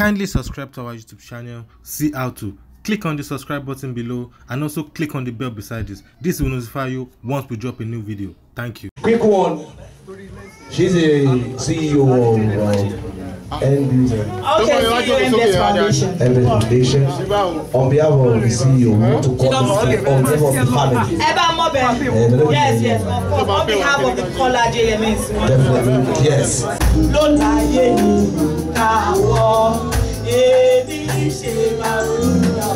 Kindly subscribe to our YouTube channel, see how to. Click on the subscribe button below and also click on the bell beside this. This will notify you once we drop a new video. Thank you. Quick one. She's a CEO of. Uh, NBU. Okay, see you in this foundation. NBU foundation. On behalf of the CEO, we want to call this on behalf of the family. Eba Mobe. Yes, yes, of course. On behalf of the caller JMS. Definitely, yes. Lọ́la yé ni káwọ́, èmi ṣe máa ń lọ.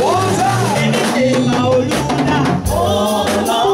Wọ́n sá èmi ṣe máa ń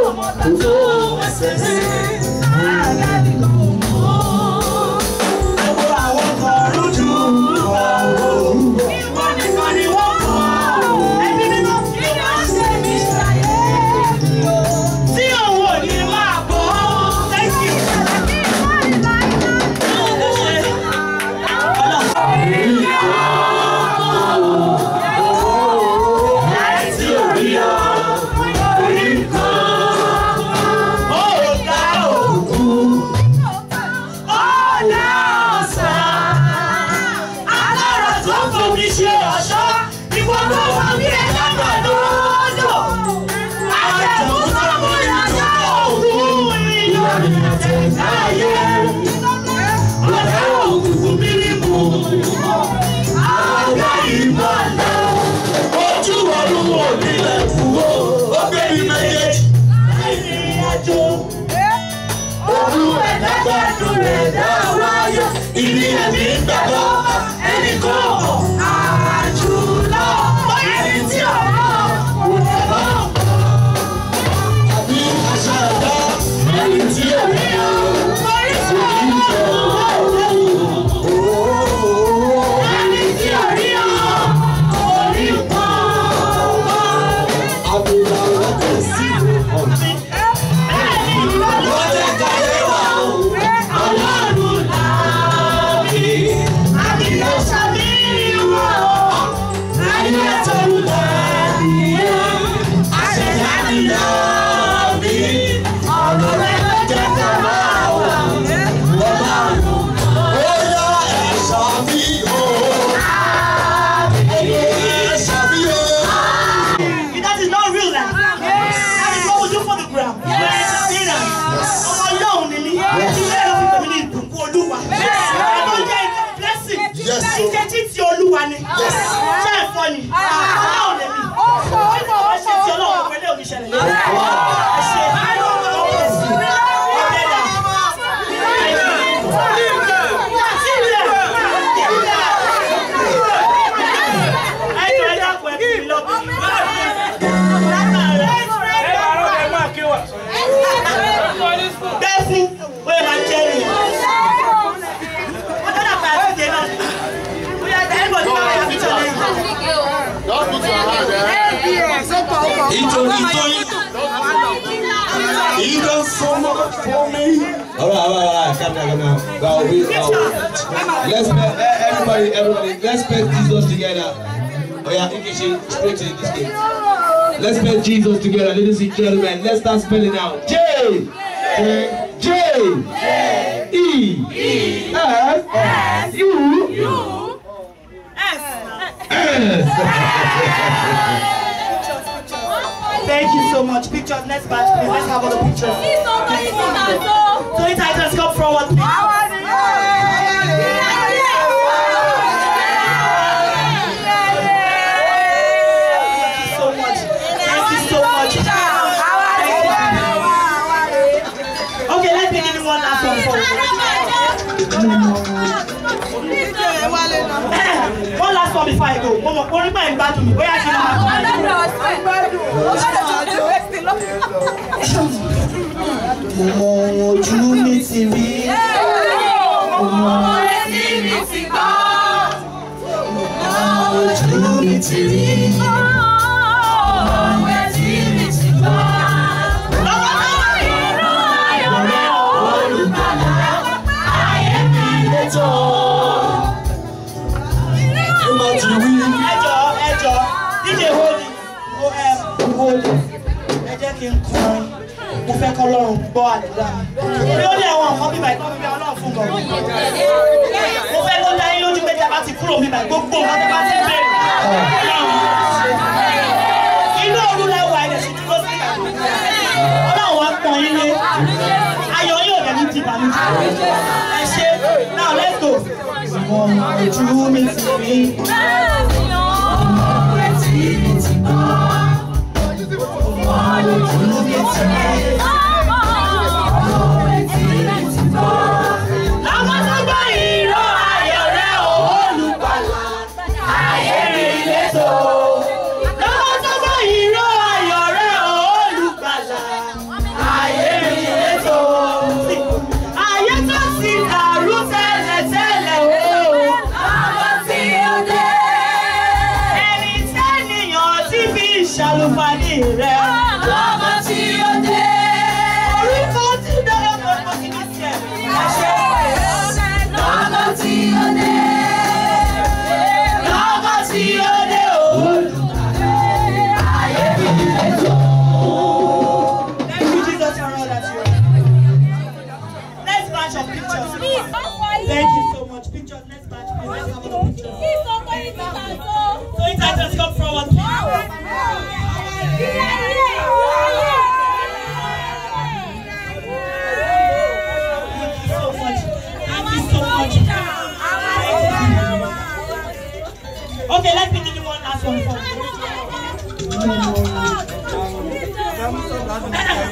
Olha, nílẹ̀ fúwó ó gbé mi méjèèjì láìsí àjò. Òru ẹ̀dá gbàdúrà ẹ̀dá wáyọ̀ ìní ẹ̀mí gbàgbọ́ ẹnì kan ọ̀hún. olúwa ni ṣé ẹ̀fọ́ ni. Ah. so much for me. All right, all right, all right. come down, calm down. That will be, that Let's pay, everybody, everybody, let's pay Jesus together. Oh yeah, Ikishi, straight to this game. Let's pay Jesus together, ladies and gentlemen. Let's start spelling out. J, J, J, E, E, S, S, U, U, S, S. Thank you so much. Pictures, next batch, please. Let's have all the pictures. Please, somebody do that, though. So, it items come forward, please. Okay, let's begin one last one you. One last one before I go mo mọ̀ orí pẹ̀ ń gbádùn mi bóyá kí n máa gbádùn. ọ̀dọ́ ọ̀sẹ̀ gbádùn ọ̀sẹ̀ tó dé wẹ́sì lọ. mo mọ ohun ojú mi ti rí mo mọ ohun ojú mi ti gbọ́ mo mọ ohun ojú mi ti rí. wọlé ẹ jẹ́ kí n kọrin mo fẹ́ kọ́ lọ́run gbọ́ àdúrà mi lórí àwọn nǹkan bíbá ìkọ́ ọlọ́run fún gan mo fẹ́ kó dáyé lójú pé tí ti kúrò bíbá gbogbo nǹkan tó bá ti bẹ̀rẹ̀ inú òru la wà ẹ̀ sì dúró sí ìgbà ọlọ́run wa pọ̀ yín lé ayọ̀ yóò dẹ̀ ní ti bàmí ẹ ṣe náà lẹ́tọ̀ọ́. One, two, three. Amen.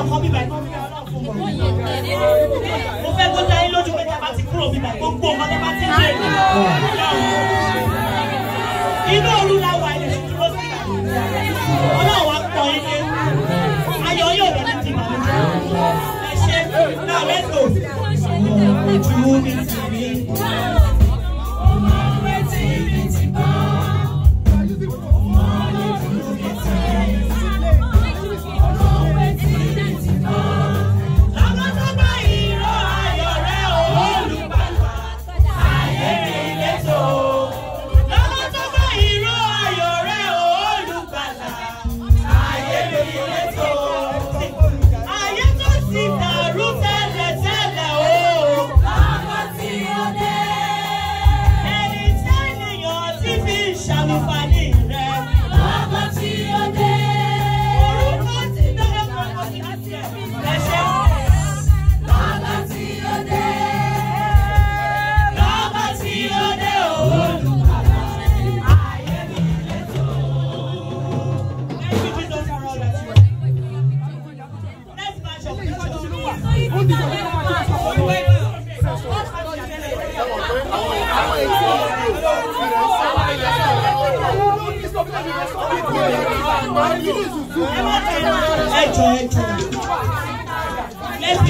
ọkọ bíbá ẹ̀kọ́ mi náà fún mi. mo fẹ́ kó dáyé lójú pé tẹ́lá ti kúrò bíbá ẹ̀kọ́ gbó ọmọ tẹ́lá ti lè rí inú òru la wà ilẹ̀ sí dúró sí ọlọ́run wa pọ̀ ilé ayọ̀ yóò rẹ̀ ní ti bàlẹ́ ẹ ṣe náà lẹ́tọ̀ọ́ ojú mi.